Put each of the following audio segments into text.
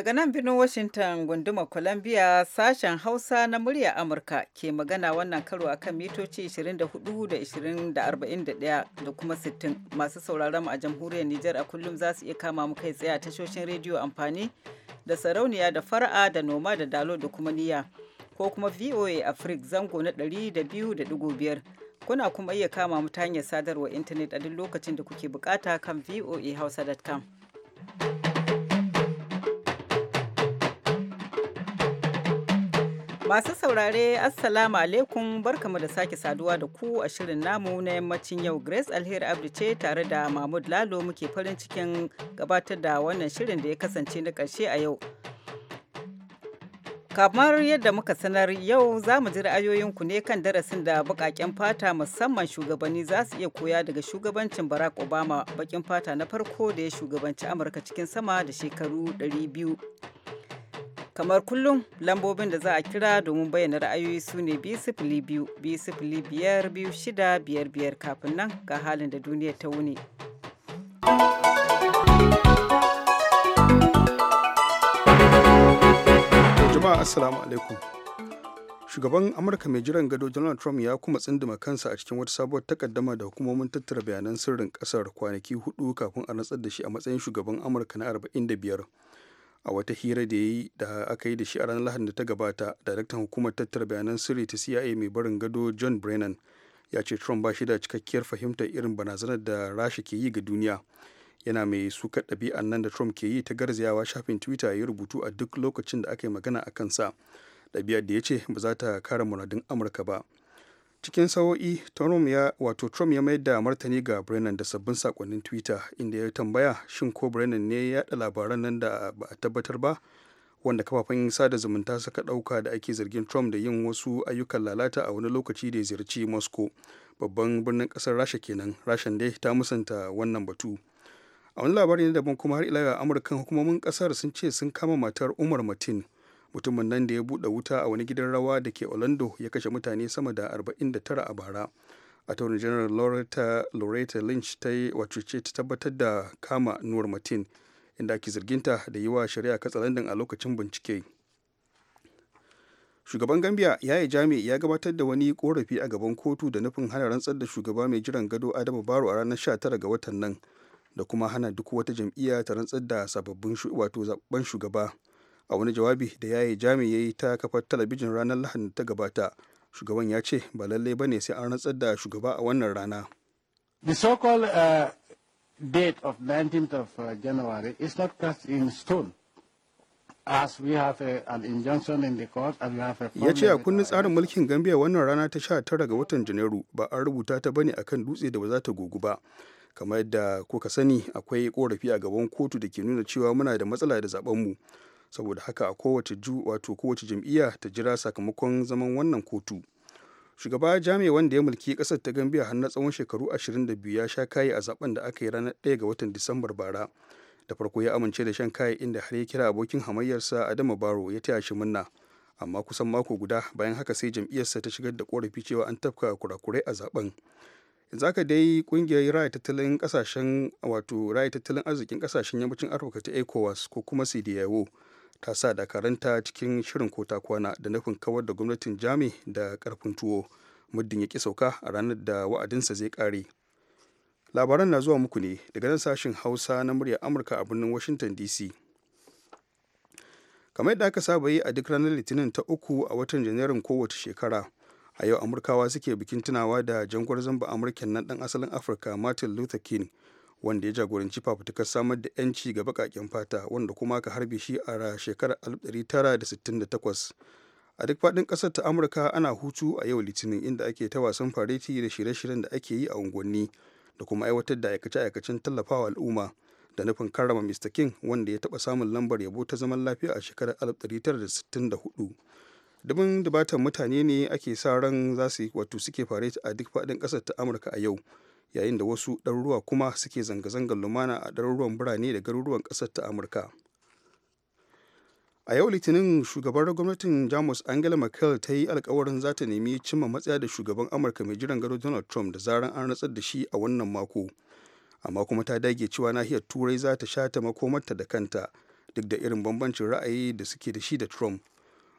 Daga nan birnin Washington gundumar Columbia sashen Hausa na murya Amurka ke magana wannan karo a kan mitoci 24 da da kuma 60 masu sauraron mu a jamhuriyar Nijar a kullum za su iya kama mu kai tsaye a tashoshin rediyo amfani da sarauniya da fara'a da noma da dalo da kuma niya ko kuma VOA Africa zango na 200.5 kuna kuma iya kama mu ta hanyar sadarwar intanet a duk lokacin da kuke bukata kan voahausa.com. Masu saurare Assalamu alaikum barkamu da sake saduwa da ku a shirin namu na yammacin yau Grace Alheri Abdu ce tare da Mahmud Lalo muke farin cikin gabatar da wannan shirin da ya kasance na karshe a yau. Kamar yadda muka sanar yau za mu ji ra'ayoyinku ne kan darasin da baƙaƙen fata musamman shugabanni za su iya koya daga shugabancin Barack Obama baƙin fata na farko da ya shugabanci Amurka cikin sama da shekaru 200. kamar kullum lambobin da za a kira domin bayyana ra'ayoyi su ne biyu biyu biyar biyu shida biyar biyar kafin nan ga halin da duniya ta wuni jama'a assalamu alaikum shugaban amurka mai jiran gado donald trump ya kuma tsinduma kansa a cikin wata sabuwar takaddama da hukumomin tattara bayanan sirrin kasar kwanaki hudu kafin a rantsar da shi a matsayin shugaban amurka na 45 a wata hira da yi da aka yi da shi a ranar lahadin da ta gabata daraktan hukumar tattara bayanan sirri ta cia mai barin gado john brennan ya ce trump ba shi da cikakkiyar fahimtar irin barazanar da rasha ke yi ga duniya yana mai suka ɗabi'an nan da trump ke yi ta garzayawa shafin twitter ya rubutu a duk lokacin da aka yi magana a kansa ɗabi'ar da ya ce ba za ta kare muradun amurka ba cikin sa'o'i trump ya wato trump ya mayar da martani ga brennan da sabbin sakonnin twitter inda ya tambaya shin ko brennan ne ya yada labaran nan da ba a tabbatar ba wanda kafafen sada zumunta suka dauka da ake zargin trump da yin wasu ayyukan lalata a wani lokaci da ya ziyarci moscow babban birnin kasar rasha kenan rashan dai ta musanta wannan batu a wani labari daban kuma har ila amurkan hukumomin kasar sun ce sun kama matar umar matin mutumin nan da ya buɗe wuta a wani gidan rawa da ke orlando ya kashe mutane sama da 49 a bara attorney general loretta, loretta lynch ta yi ce ta tabbatar da kama nuwar martin inda ake zarginta da yi wa shari'a katsalandan a lokacin bincike shugaban gambia yaya jami ya gabatar da wani korafi a gaban kotu da nufin hana rantsar da shugaba mai jiran gado adama baro a ranar 19 ga watan nan da kuma hana duk wata jam'iyya ta rantsar da sababbin wato zaben shugaba a wani jawabi da ya yi jami'ai ta kafar talabijin ranar lahadin ta gabata shugaban ya ce ba lallai ba ne sai an rantsar da shugaba a wannan rana the so-called uh, of 19th of uh, january in stone as we have a, an injunction a ya ce a kunne tsarin mulkin gambia wannan rana ta 19 ga watan janairu ba an rubuta ta bane akan dutse da ba za ta gugu ba kamar yadda kuka sani akwai korafi a gaban kotu da ke nuna cewa muna da matsala da zaben mu saboda haka a kowace ju wato kowace jam'iyya ta jira sakamakon zaman wannan kotu shugaba jami wanda ya mulki kasar ta gambiya har na tsawon shekaru 22 ya sha kayi a zaben da aka yi ranar 1 ga watan disambar bara da farko ya amince da shan kayi inda har ya kira abokin hamayyarsa adama baro ya taya shi munna amma kusan mako guda bayan haka sai jam'iyyarsa ta shigar da korafi cewa an tafka kurakurai a zaben yanzu haka dai kungiyar raya tattalin kasashen wato raya tattalin arzikin kasashen yammacin afirka ta ecowas ko kuma cdao ta sa dakaranta cikin shirin kota kwana da nufin kawar da gwamnatin jami da karfin tuwo muddin ya ki sauka a ranar da wa'adinsa zai kare labaran na zuwa muku ne daga nan sashen hausa na murya amurka a birnin washington dc kamar yadda aka saba yi a duk ranar litinin ta uku a watan janairun kowace shekara a yau amurkawa suke bikin tunawa da jangwar zamba amurken nan dan asalin afirka martin luther king wanda ya jagoranci fafutukar samar da 'yanci ga baƙaƙen fata wanda kuma aka harbe shi a shekarar 1968 a duk faɗin ƙasar ta amurka ana hutu a yau litinin inda ake ta wasan fareti da shirye-shiryen da ake yi a unguwanni da kuma aiwatar da aikace-aikacen tallafawa al'umma da nufin karrama mr king wanda ya taba samun lambar yabo ta zaman lafiya a shekarar 1964 dubin dubatan mutane ne ake sa ran za su yi wato suke fareti a duk faɗin ƙasar ta amurka a yau yayin da wasu ɗaruruwa kuma suke zanga-zangar lumana a ɗaruruwan birane da garuruwan ƙasar ta amurka a yau litinin shugaban gwamnatin jamus angela merkel ta yi alkawarin za ta nemi cimma matsaya da shugaban amurka mai jiran gado donald trump da zaran an ratsar da shi a wannan mako amma kuma ta dage cewa nahiyar turai za ta sha ta makomarta da kanta duk da irin bambancin ra'ayi da suke da shi da trump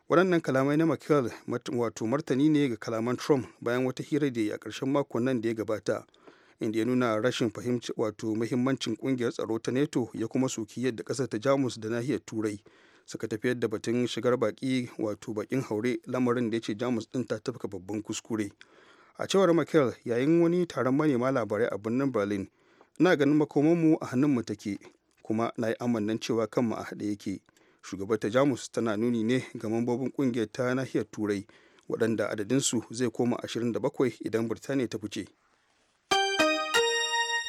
waɗannan kalamai na merkel wato martani ne ga kalaman trump bayan wata hira da ya ƙarshen makon nan da ya gabata inda ya nuna rashin fahimci wato muhimmancin kungiyar tsaro ta neto ya kuma soki yadda kasar ta jamus da nahiyar turai suka tafi yadda batun shigar baki wato bakin haure lamarin da ya ce jamus din ta tafka babban kuskure a cewar makel yayin wani taron manema labarai a birnin berlin na ganin mu a hannun mu take kuma na yi amannan cewa kan mu a haɗe yake shugabar ta jamus tana nuni ne ga mambobin kungiyar ta nahiyar turai waɗanda adadinsu zai koma 27 idan birtaniya ta fice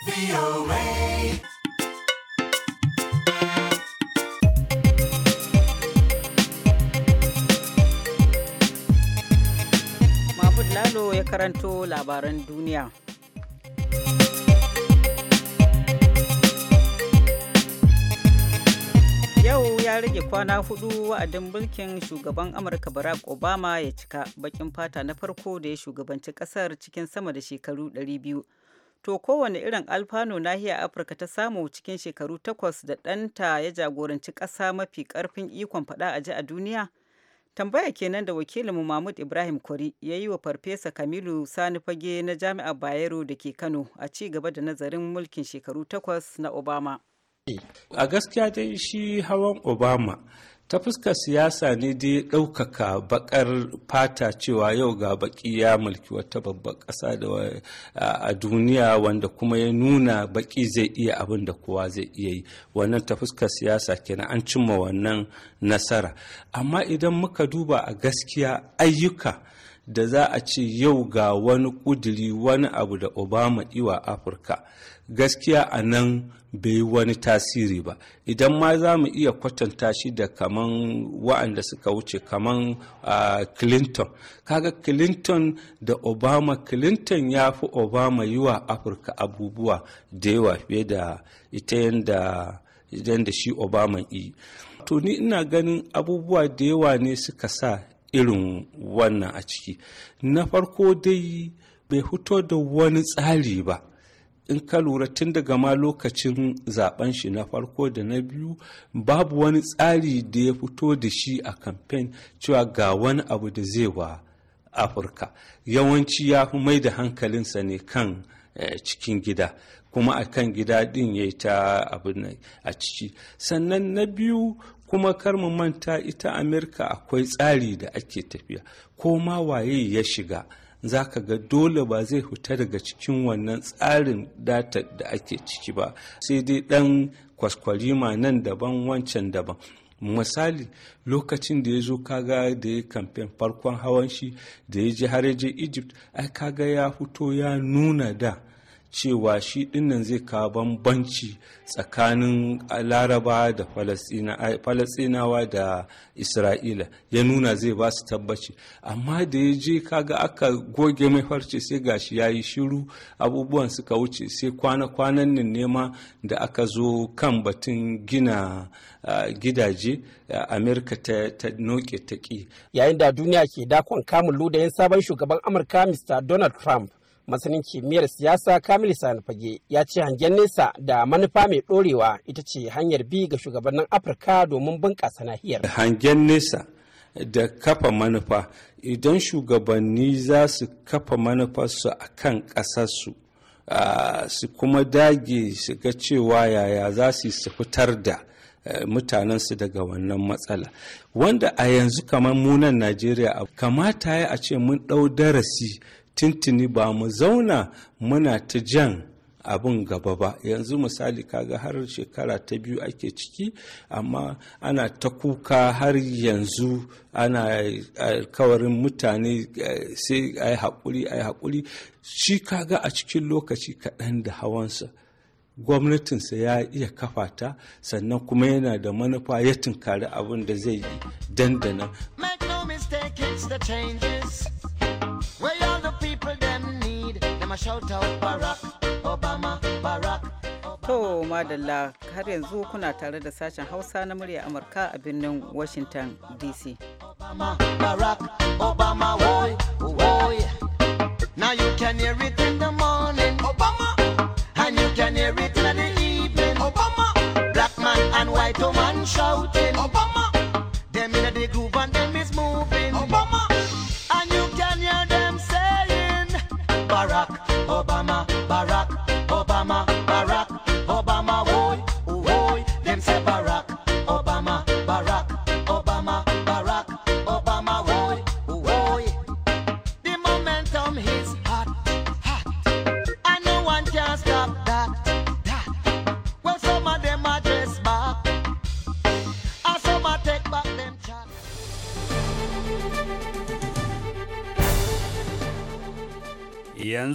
Mahmud Lalo ya karanto labaran duniya. Yau ya rage kwana hudu wa'adin mulkin shugaban Amurka Barack Obama ya cika bakin fata na farko da ya shugabanci kasar cikin sama da shekaru 200. To kowane irin alfano nahiyar Afirka ta samu cikin shekaru takwas da ɗanta ya jagoranci ƙasa mafi ƙarfin ikon faɗa a ji a duniya? Tambaya kenan da wakilinmu Mahmud Ibrahim Kwari ya yi wa Farfesa Kamilu Sani Fage na Jami'ar Bayero da ke Kano a ci gaba da nazarin mulkin shekaru takwas na Obama. A gaskiya dai shi hawan Obama ta fuskar siyasa ne dai ɗaukaka bakar fata cewa yau ga baki ya mulki wata babbar ƙasa da a duniya wanda kuma ya nuna baki zai iya abin da kowa zai iya yi wannan ta fuskar siyasa kenan an cimma wannan nasara amma idan muka duba a gaskiya ayyuka da za a ce yau ga wani kuduri wani abu da obama iwa afirka gaskiya a nan bai yi wani tasiri ba idan ma za mu iya kwatanta shi da kaman wa'anda suka wuce kaman clinton kaga clinton da obama clinton ya fi obama yi wa afirka abubuwa da yawa fiye da ita yadda da shi obama yi to ni ina ganin abubuwa da yawa ne suka sa irin wannan a ciki na farko dai bai fito da wani tsari ba in ka lura tun daga ma lokacin zaben shi na farko da na biyu babu wani tsari da ya fito da shi a kamfen cewa ga wani abu da zai wa afirka yawanci ya fi mai da hankalinsa ne kan eh, cikin gida kuma a kan gida din ya yi ta abu a ciki sannan na biyu kuma kar mu manta ita amurka akwai tsari da ake tafiya ko ma waye ya shiga za ka ga dole ba zai fita daga cikin wannan tsarin data da ake ciki ba sai dai ɗan kwaskwarima nan daban wancan daban misali lokacin da ya zo kaga da ya kamfen farkon hawan shi da ya ji har ya je egypt ai kaga ya fito ya nuna da cewa shi dinnan zai kawo bambanci tsakanin laraba da falasinawa da isra'ila ya nuna zai ba su tabbaci amma da ya je kaga aka goge mai farce sai gashi ya yi shiru abubuwan suka wuce sai kwana-kwanan nan nema da aka zo kan batun gina gidaje amerika ta noke ta yayin da duniya ke dakon kamun ludayin sabon shugaban amurka mr donald trump masanin kimiyyar siyasa kamil fage ya ce hangen nesa da manufa mai ɗorewa ita ce hanyar bi ga shugabannin afirka domin bunƙasa nahiyar hangen nesa da kafa manufa idan shugabanni za su kafa manufarsu a kan ƙasarsu su kuma dage su ga cewa yaya za su su fitar da eh, mutanensu daga wannan matsala wanda a yanzu kamar munan najeriya kamata ya a ce mun ɗau darasi tintini ba mu zauna muna ta jan abin gaba ba yanzu misali kaga har shekara ta biyu ake ciki amma ana ta kuka har yanzu ana kawarin mutane sai a yi haƙuri a yi haƙuri shi kaga a cikin lokaci kaɗan da hawansa gwamnatinsa ya iya kafa ta sannan kuma yana da manufa ya tunkari abin da zai yi dandana. Make no mistake, it's Obama shout out Barack Obama Barack To madalla har yanzu kuna tare da sashen Hausa na murya Amurka a birnin Washington DC. Obama, Barack Obama, woy, woy. Now you can hear it in the morning, Obama, and you can hear it in the evening, Obama. Black man and white woman shouting, Obama. Them in the group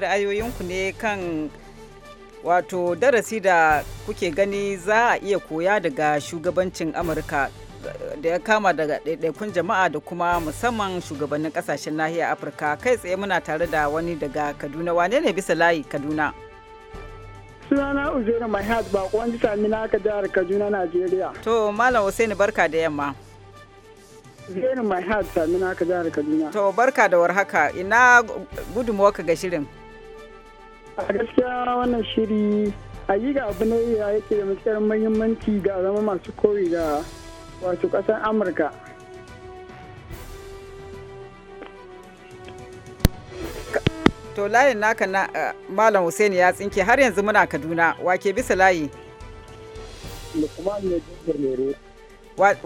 ra'ayoyinku ne kan wato darasi da kuke gani za a iya koya daga shugabancin amurka da ya kama daga ɗaiɗaikun jama'a da kuma musamman shugabannin ƙasashen nahiyar afirka kai tsaye muna tare da wani daga kaduna wane ne bisa layi kaduna sunana uzaira mai hat ji sami na aka jihar kaduna najeriya to malam hussein barka da yamma uzaira mai hat na aka jihar kaduna to barka da warhaka ina gudunmuwa ka ga shirin a gaskiya wannan shiri a yi ga abu ne ya yake da matsayar muhimmanci ga zama masu kori ga wato kasar amurka to layin naka na eh, malam hussein ya tsinke har yanzu muna kaduna wake bisa layi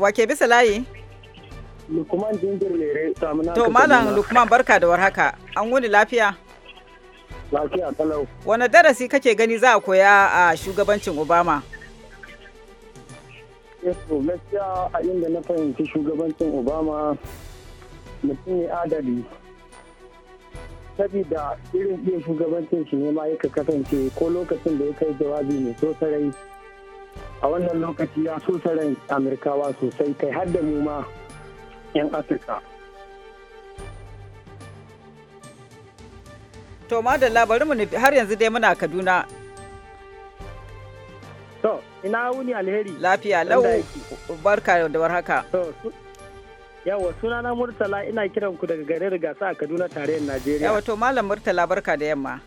wake bisa layi lukman jinjir lere to malam lukman barka da warhaka an wuni lafiya Lafiya Wane darasi kake gani za a koya a shugabancin Obama? Yesu eh, gaskiya a inda na fahimci shugabancin Obama mutum ne adali. Sabida irin iya shugabancin shi ne ma yaka kasance ko lokacin da ya kai jawabi mai so a wannan lokaci ya so sarai Amurkawa sosai kai har da mu ma 'yan Afirka. To madalla bari mu nufi har yanzu dai muna Kaduna. To ina wuni alheri. Lafiya lau barka da haka. Yawa sunana Murtala ina kiran ku daga garin Rigasa a Kaduna tarayyar Najeriya. Yawa to Malam Murtala barka da yamma.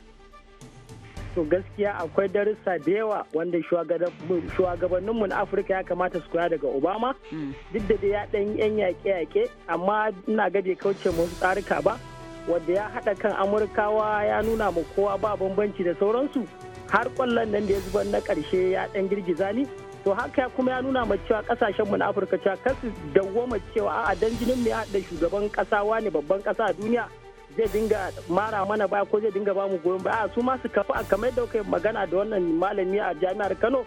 To gaskiya akwai darussa da yawa wanda shugabanninmu na Afirka ya kamata su koya daga Obama. Mm. Duk da dai ya ɗan yan yaƙe-yaƙe amma ina gade kauce musu tsarika ba. wadda ya haɗa kan amurkawa ya nuna ma kowa ba bambanci da sauransu har kwallon nan da ya zuba na karshe ya ɗan girgiza ni to haka ya kuma ya nuna ma cewa kasashenmu na afirka cewa kasu dawwama cewa a'a dan jinin mu ya haɗa shugaban ƙasa wani babban kasa a duniya zai dinga mara mana baya ko zai dinga bamu goyon baya su ma su kafa kamar yadda kai magana da wannan malami a jami'ar kano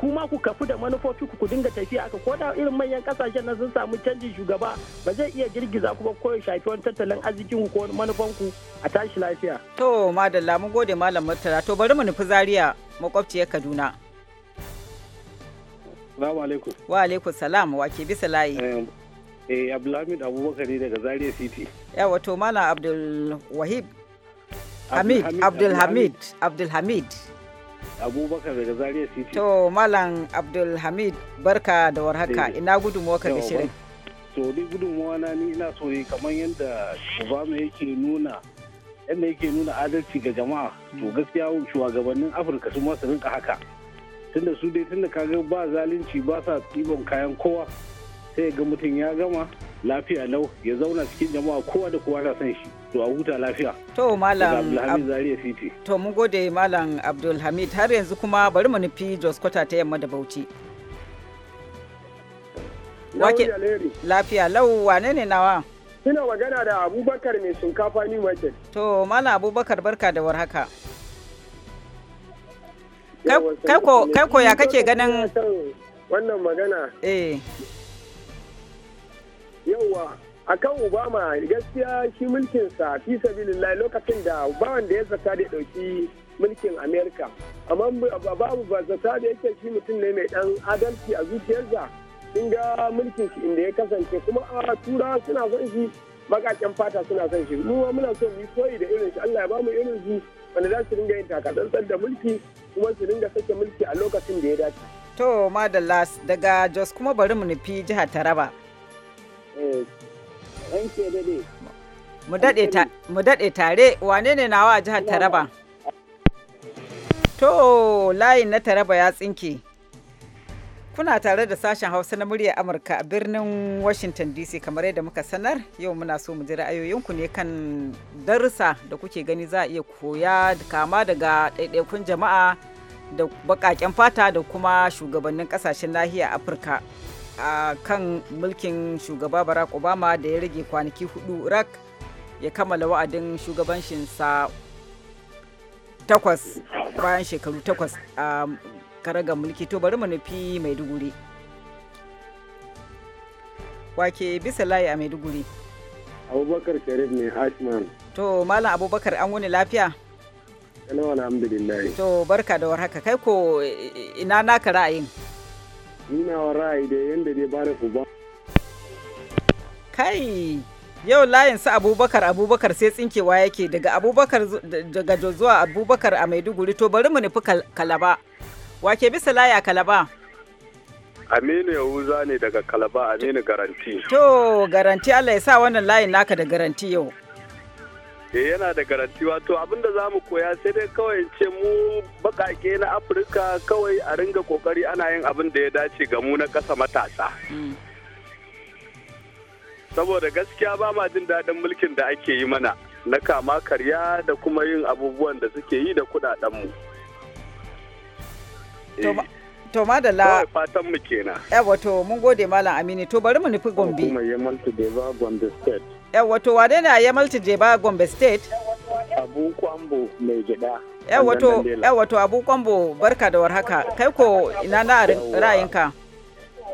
kuma ku kafu da manufofi ku dinga tafiya aka ko da irin manyan kasashen nan sun samu canjin shugaba ba zai iya girgiza ku ba ko shafi wani tattalin arzikin ku ko manufan ku a tashi lafiya to madalla mun gode malam murtala to bari mu nufi zaria makwabciyar kaduna Salamu alaikum. Wa alaikum salam wa ke bisa layi. Eh, eh Abdulhamid Abubakar ne daga Zaria City. Yawa to Malam Abdul Wahib. Hamid Abdulhamid Abdulhamid. abubakar daga zaria city to malam abdulhamid barka da warhaka eh, ina gudunmuwa ka ga shirin to ni gudunmuwa na ni ina so yi kamar yadda obama yake nuna yadda yake nuna adalci ga jama'a to hmm. gaskiya shugabannin afirka sun masu rinka haka tunda su dai tunda kaga ba zalunci ba sa ɗiban kayan kowa sai ga mutum ya gama lafiya lau ya zauna cikin jama'a kowa da kowa na san shi to a huta lafiya to malam to mun gode malam abdulhamid har yanzu kuma bari mu nufi jos kwata ta yamma da bauchi wake lafiya lau wane ne nawa Ina magana da Abubakar mai shinkafa ni wake. To Malam Abubakar barka da warhaka. Kai ko ya kake ganin wannan magana? Eh. Yawwa akan obama gaskiya shi mulkinsa fi sabilillahi lokacin da obama da ya zata da dauki mulkin amerika amma babu ba zata da yake shi mutum ne mai dan adalci a zuciyarsa sun ga mulkin shi inda ya kasance kuma a tura suna son shi bakaken fata suna son shi mu muna son yi koyi da irin shi Allah ya bamu irin shi wanda za su dinga yin takatsantsan da mulki kuma su dinga sake mulki a lokacin da ya dace to madalas daga jos kuma bari mu nufi jihar taraba eh. Mu daɗe tare, wane ne nawa a jihar Taraba? To, layin na Taraba ya tsinke. Kuna tare da sashen Hausa na muryar Amurka a birnin Washington DC kamar yadda muka sanar yau muna so mu ji ra'ayoyinku ne kan darussa da kuke gani za a iya koya kama daga ɗaiɗaikun jama'a da baƙaƙen fata da kuma shugabannin ƙasashen nahiyar Afirka. a kan mulkin shugaba barack obama da ya rage kwanaki hudu rak ya kammala wa'adin shugabancinsa takwas bayan shekaru takwas a karagar mulki to bari mu nufi maiduguri wake bisa layi a maiduguri abubakar sharif ne ashman to malam abubakar an wuni lafiya alhamdulillah to barka da warhaka kai ko eh, ina naka ra'ayin wa ra'ayi da yadda dai Kai, yau layinsa abubakar abubakar sai tsinkewa yake daga abubakar daga zuwa abubakar a maiduguri to bari mu nufi kalaba wake bisa laya kalaba aminu yahuza ne daga kalaba aminu garanti to garanti allah ya sa wannan layin naka da garanti yau Eh yana da garanti wato abinda za mu koya sai dai kawai ce mu bakake na Afirka kawai a ringa kokari ana yin abin da ya dace ga mu na kasa matasa. Mm. Saboda gaskiya ba ma jin daɗin mulkin da ake yi mana na kama karya da kuma yin abubuwan da suke yi da kudaden mu. to eh. madalla fatan mu kenan eh wato mun gode malam amini to bari mu nufi gombe kuma to gombe state wato wane na ya malti ba gombe state abu kwambo mai gida wato wato abu kwambo barka da warhaka kai ko ina na ra'ayinka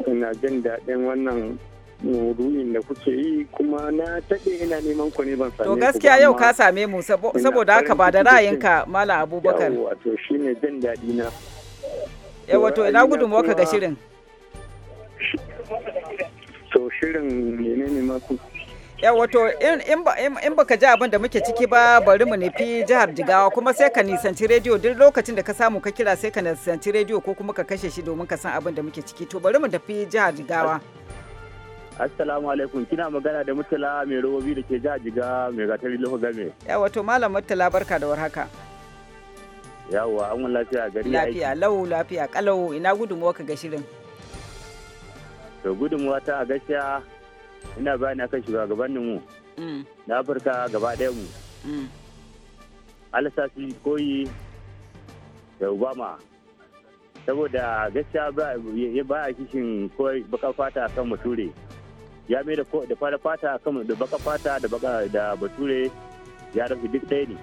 ina jin daɗin wannan maudu'in da kuke yi kuma na taɗe ina neman ku ne ban same to gaskiya yau ka same mu saboda haka ba da ra'ayinka malam abubakar wato shine jin daɗi na wato ina gudun waka ga shirin to shirin ne ne ma ya wato in baka ji abin da muke ciki ba bari mu nufi jihar jigawa kuma sai ka nisanci rediyo duk lokacin da ka samu ka kira sai ka nisanci rediyo ko kuma ka kashe shi domin ka san abin da muke ciki to bari mu tafi jihar jigawa assalamu alaikum kina magana da mutala mai robobi da ke jihar jigawa mai gatari lofa game ya wato malam mutala barka da warhaka yawwa an lafiya gari lafiya lau lafiya kalau ina gudunmuwa ka ga shirin to gudunmuwa ta a gaskiya ina bayani akan gaban mu mm. na afirka gaba ɗaya mu mm. alasasi koyi da obama saboda gaskiya ya baya kishin koyi baka fata kan bature ya mai da fara fata kan da baka fata da baka da bature ya rasu duk ɗaya ne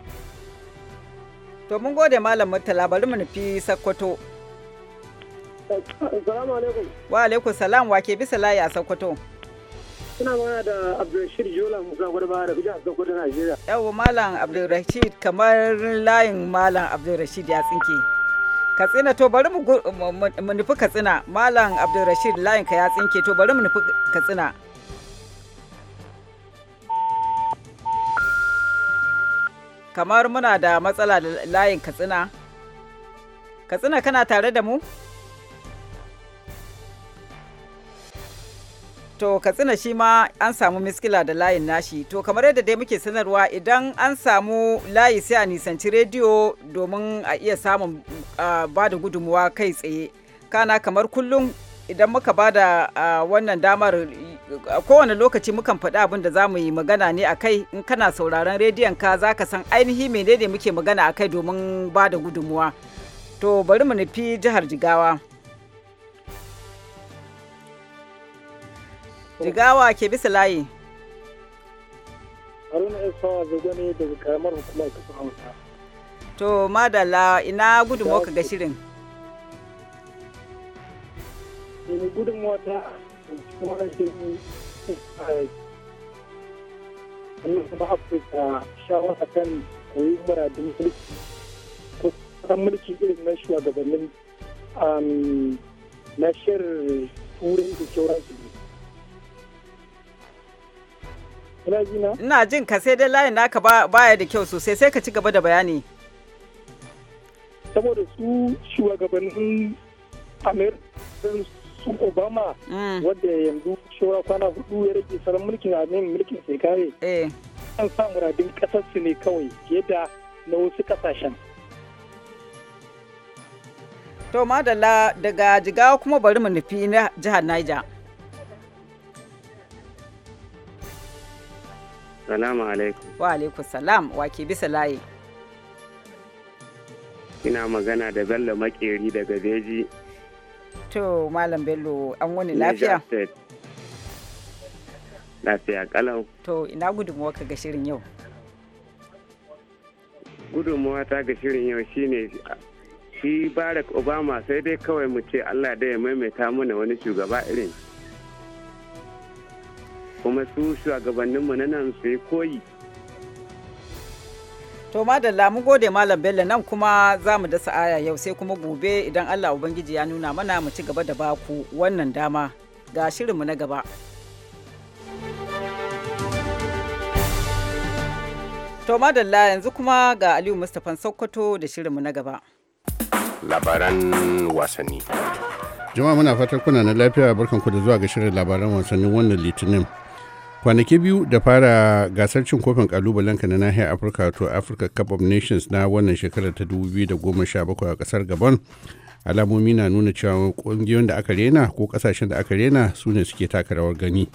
to mun gode malam mutala bari mu nufi sakkwato Salamu alaikum. Wa alaikum salam wa ke bisa layi a Sokoto. suna mana da Abdulrashid Jola Musa Gwarba da jihar Sokoto Najeriya. Yau Malam Abdulrashid kamar layin Malam Abdulrashid ya tsinke. Katsina to bari mu nufi Katsina Malam Abdulrashid layin ka ya tsinke to bari mu nufi Katsina. Kamar muna da matsala da layin Katsina. Katsina kana tare da mu? To Katsina shi ma an samu miskila da layin nashi. To kamar yadda dai muke sanarwa idan an samu layi sai a nisanci rediyo domin a iya samun ba da gudunmuwa kai tsaye. Kana kamar kullum idan muka ba da wannan damar kowane lokaci mukan faɗi abin da za mu yi magana ne a kai in kana sauraron rediyon ka za ka san ainihi menene muke magana a kai domin ba da gudunmuwa. To bari mu nufi jihar Jigawa. Jigawa ke bisa layi. Haruna Isfawa zago ne daga karamar hukumar kasar Hausa. To madala ina gudunmuwa ka ga shirin. Ina gudunmuwa ta kuma shirin sannan eh, kuma afirka shawara kan koyi muradin mulki ko kan mulki irin na shugabannin um, na shirin turai da sauransu Ina jin ka sai dai layin naka baya da kyau sosai sai ka ci gaba da bayani. Saboda su shugabannin American su Obama mm. wadda yanzu shura kwana hudu ya rage salon mulkin amin mulkin sai kare. Eh. An sa muradin kasar su ne kawai fiye da na wasu kasashen. To madalla daga jigawa kuma bari mu nufi na jihar Niger. Salamu alaikum. Wa alaikum salam wake bisa layi. Ina magana da Bello Makeri daga Beji. To Malam Bello an wani lafiya? Lafiya kalau. To ina gudunmuwa ka ga shirin yau. Gudunmuwa ta ga shirin yau shine shi Barack Obama sai dai kawai mu ce Allah da ya maimaita mana wani shugaba irin. kuma su shugabanninmu na nan su yi koyi to madalla mu gode malam bello nan kuma za mu dasa aya yau sai kuma gobe idan allah ubangiji ya nuna mana mu ci gaba da baku wannan dama ga shirinmu na gaba to madalla yanzu kuma ga aliyu mustapha sokoto da shirinmu na gaba labaran wasanni jama'a muna fatan kuna na lafiya barkanku da zuwa ga shirin labaran wasanni wannan litinin kwanaki biyu da fara gasar cin kofin kalubalenka na nahiyar afirka to africa cup of nations na wannan shekarar ta 2017 a kasar gabon alamomi na nuna cewa kungiyoyin da aka rena ko kasashen da aka rena su ne suke taka rawar gani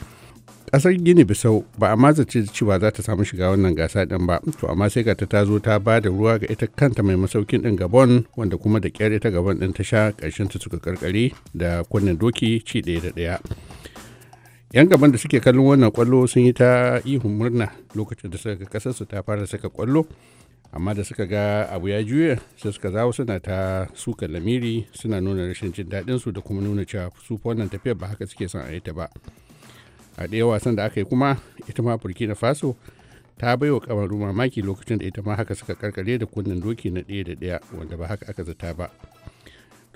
kasar gini bisau ba a mazace cewa za ta samu shiga wannan gasa din ba to amma sai ga ta zo ta ba da ruwa ga ita kanta mai masaukin din gabon wanda kuma da kyar ita gabon din ta sha karshen ta suka karkare da kunnen doki ci daya da ɗaya 'yan gaban da suke kallon wannan kwallo sun yi ta ihun murna lokacin da suka ga kasarsu ta fara saka kwallo amma da suka ga abu ya juya sai suka zawo suna ta suka lamiri suna nuna rashin jin su da kuma nuna cewa su wannan tafiyar ba haka suke son a yi ta ba a ɗaya wasan da aka yi kuma ita ma burkina faso ta bai wa kamaru mamaki lokacin da ita ma haka suka karkare da kunnen doki na ɗaya da ɗaya wanda ba haka aka zata ba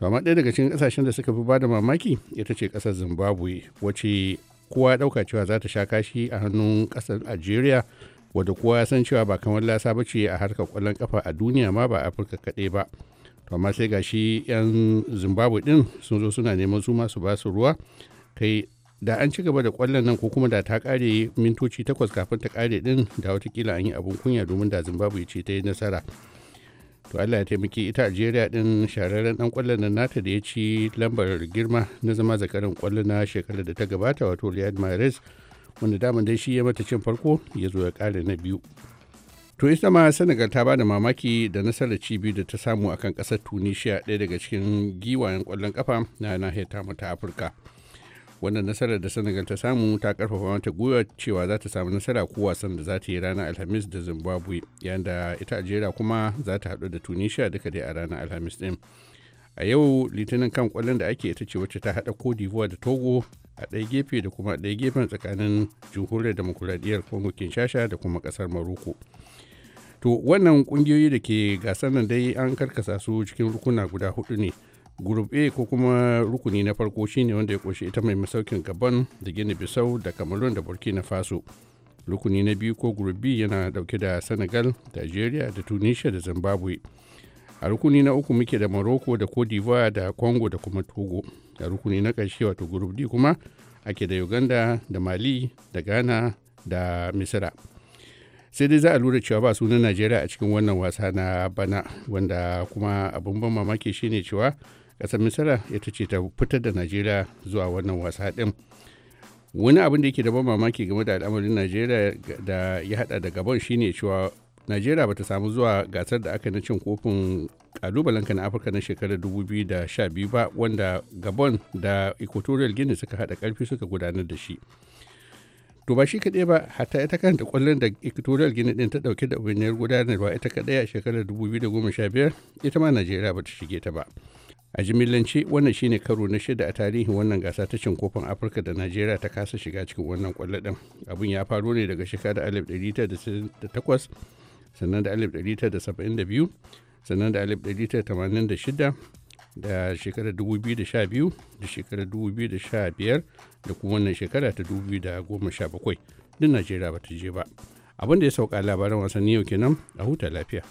to amma ɗaya daga cikin ƙasashen da suka fi bada mamaki ita ce ƙasar zimbabwe wacce kowa ya ɗauka cewa za ta sha kashi a hannun ƙasar algeria wadda kowa ya san cewa ba kamar lasa ba ce a harkar ƙwallon kafa a duniya ma ba afirka kaɗai ba to amma sai gashi 'yan zimbabwe din sun zo suna neman su masu ba su ruwa kai da an ci gaba da kwallon nan ko kuma da ta kare mintoci takwas kafin ta kare din da watakila an yi abun kunya domin da zimbabwe ce ta yi nasara to allah ya taimaki ita algeria din shahararren dan kwallon nan nata da ya ci lambar girma na zama zakarin kwallo na shekarar da ta gabata wato riyad mahrez wanda daman dai shi ya mata cin farko ya zo ya kare na biyu to ita ma senegal ta ba da mamaki da nasarar ci biyu da ta samu akan kasar tunisia ɗaya daga cikin giwayen kwallon kafa na nahiyar tamu ta afirka wannan nasarar da senegal ta samu ta karfafa mata gwiwa cewa za ta samu nasara ko wasan da za ta yi ranar alhamis da zimbabwe yayin da ita algeria kuma za ta haɗu da tunisia duka dai a ranar alhamis ɗin. a yau litinin kan kwallon da ake ita ce wacce ta haɗa cote d'ivoire da togo a ɗaya gefe da kuma ɗaya gefen tsakanin jamhuriyar demokuraɗiyyar congo kinshasa da kuma ƙasar maroko to wannan ƙungiyoyi da ke gasar nan dai an karkasa su cikin rukuna guda hudu ne group a ko kuma rukuni na farko shine wanda ya kunshi ita mai masaukin gabon da gini bisau da cameroon da burkina faso rukuni na biyu ko group b yana dauke da senegal nigeria da tunisia da zimbabwe a rukuni na uku muke da morocco da cote d'ivoire da congo da kuma togo a rukuni na ƙarshe wato group d kuma ake da uganda da mali da ghana da misira sai dai za a lura cewa ba sunan najeriya a cikin wannan wasa na bana wanda kuma abin ban mamaki shine cewa ƙasar misira ita ce ta fitar da najeriya zuwa wannan wasa ɗin wani abin da yake da ban mamaki game da al'amarin najeriya da ya hada da gabon shine cewa najeriya bata samu zuwa gasar da aka na cin kofin kalubalen na afirka na shekarar 2012 ba wanda gabon da equatorial guinea suka hada karfi suka gudanar da shi to ba shi kaɗai ba hatta ita kanta kwallon da equatorial guinea din ta dauke da ubiniyar gudanarwa ita kaɗai a shekarar da biyar? ita ma najeriya bata shige ta ba a jimillanci, wannan shine karo na shida a tarihin wannan gasa ta cin kofin afirka da najeriya ta kasa shiga cikin wannan kwallo din abin ya faro ne daga shekara 1968 sannan da 1972 sannan da 1986 da shekarar 2012 da shekarar 2015 da kuma wannan shekara ta 2017 duk najeriya ba ta je ba abin da ya sauka labaran wasanni yau kenan a huta lafiya.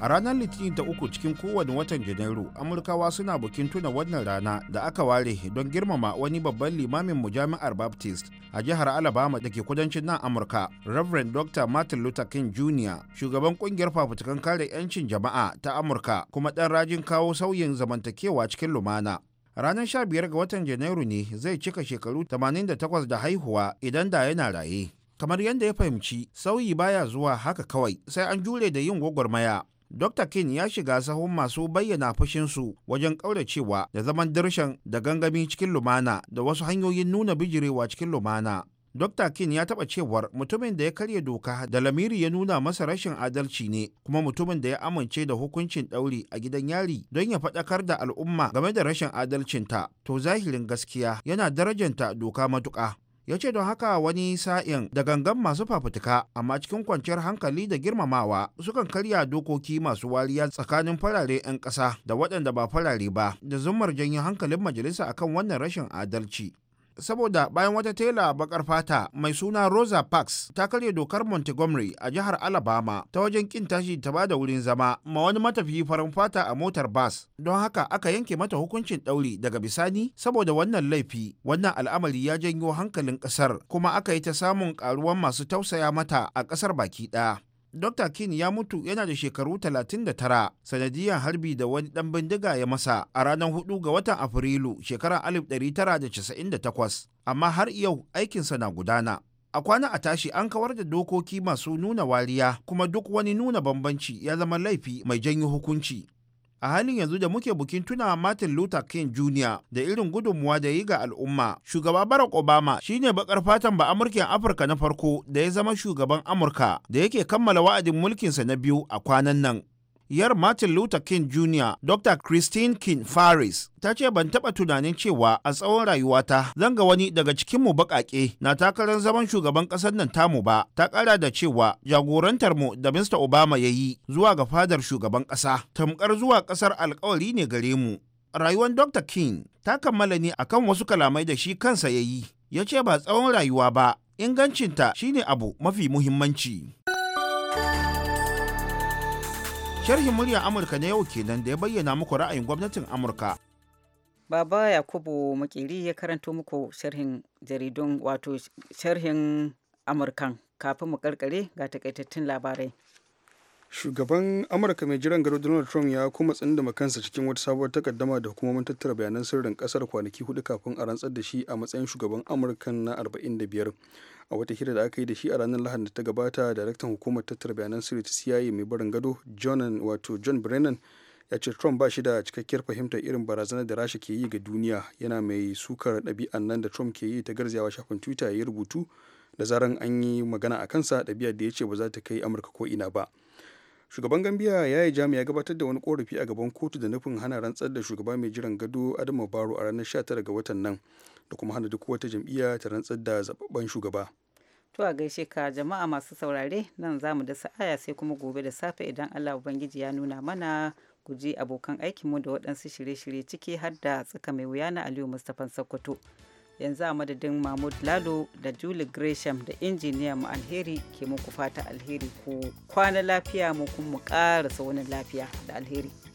a ranar litinin ta uku cikin kowane watan janairu amurkawa suna bukin tuna wannan rana da aka ware don girmama wani babban limamin Jami'ar baptist a jihar alabama da ke kudancin nan amurka reverend dr martin luther king jr shugaban kungiyar fafutukan kare 'yancin jama'a ta amurka kuma ɗan rajin kawo sauyin zamantakewa cikin lumana ranar sha biyar ga watan janairu ne zai cika shekaru 88 da haihuwa idan da yana raye kamar yadda ya fahimci sauyi baya zuwa haka kawai sai an jure da yin gwagwarmaya Dr. King ya shiga sahun masu bayyana fushinsu wajen cewa da zaman dirshan da gangami cikin lumana da wasu hanyoyin nuna bijirewa cikin lumana. Dr. King ya taɓa cewar mutumin da ya karya doka da lamiri ya nuna masa rashin adalci ne kuma mutumin da ya amince da hukuncin ɗauri a gidan yari don ya faɗakar da al'umma game da rashin adalcinta to zahirin gaskiya yana darajanta doka matuƙa. ya ce don haka wani sa'in da gangan masu fafutuka amma cikin kwanciyar hankali da girmamawa sukan karya dokoki masu wariya tsakanin farare 'yan ƙasa da waɗanda ba farare ba da zumar janyo hankalin majalisa akan wannan rashin adalci saboda bayan wata tela bakar fata mai suna Rosa Parks ta karya dokar Montgomery a jihar Alabama ta wajen kin tashi ta bada wurin zama ma wani matafiyi farin fata a motar bas don haka aka yanke mata hukuncin ɗauri daga bisani saboda wannan laifi wannan al'amari ya janyo hankalin ƙasar kuma aka yi ta samun ƙaruwan masu tausaya mata a ƙasar baki ɗaya. Dr. Kin ya mutu yana da shekaru 39 sanadiyar harbi da wani ɗan bindiga ya masa a ranar 4 ga watan Afrilu shekarar 1998, amma har yau aikinsa na gudana. A kwana a tashi an kawar da dokoki masu nuna wariya kuma duk wani nuna bambanci ya zama laifi mai janyo hukunci. a halin yanzu da muke bukin tuna Martin Luther King Jr. da irin gudunmuwa da yi ga al'umma. Shugaba Barack Obama shi ne bakar fatan ba Amurken Afirka na farko da ya zama shugaban Amurka da yake kammala wa'adin mulkinsa na biyu a kwanan nan. yar Martin Luther King Jr. Dr. Christine King Faris ta ce ban taɓa tunanin cewa a tsawon rayuwata zan ga wani daga cikin mu baƙaƙe na takarar zaman shugaban ƙasar nan tamu ba ta ƙara da cewa jagorantar mu da Mr. Obama ya yi zuwa ga fadar shugaban ƙasa tamkar zuwa ƙasar alkawari ne gare mu. Rayuwar Dr. King ta kammala ne akan wasu kalamai da shi kansa ya yi ya ce ba tsawon rayuwa ba ingancinta shine abu mafi muhimmanci. Sharhin murya Amurka na yau kenan da ya bayyana muku ra'ayin gwamnatin Amurka. Baba Yakubu Makiri ya karanto muku sharhin jaridun wato sharhin Amurkan kafin mu karkare ga takaitattun labarai. shugaban amurka mai jiran gado donald trump ya kuma tsindama kansa cikin wata sabuwar takaddama da hukumomin tattara bayanan sirrin kasar kwanaki hudu kafin a rantsar da shi a matsayin shugaban amurka na 45 a wata hira da aka yi da shi a ranar lahadi da ta gabata daraktan hukumar tattara bayanan sirri ta cia mai barin gado john wato john brennan ya ce trump ba shi da cikakkiyar fahimtar irin barazanar da rasha ke yi ga duniya yana mai sukar ɗabi'an nan da trump ke yi ta garzawa shafin twitter ya yi rubutu da zaran an yi magana a kansa ɗabi'ar da ya ce ba za ta kai amurka ko ina ba shugaban gambia ya yi jami'a ya gabatar da wani korafi a gaban kotu da nufin hana rantsar da shugaba mai jiran gado adama baro a ranar 19 ga watan nan da kuma hana duk wata jam'iyya ta rantsar da zababban shugaba to a gaishe ka jama'a masu saurare nan za mu da sa'aya sai kuma gobe da safe idan allah ubangiji ya nuna mana guji je abokan aikinmu da waɗansu shirye-shirye ciki har da tsaka mai wuya na aliyu mustapha sokoto yanzu a madadin mahmud lalo da julie gresham da injiniya mu alheri ke muku fata alheri ko kwana lafiya mu kuma mu karasa wani lafiya da alheri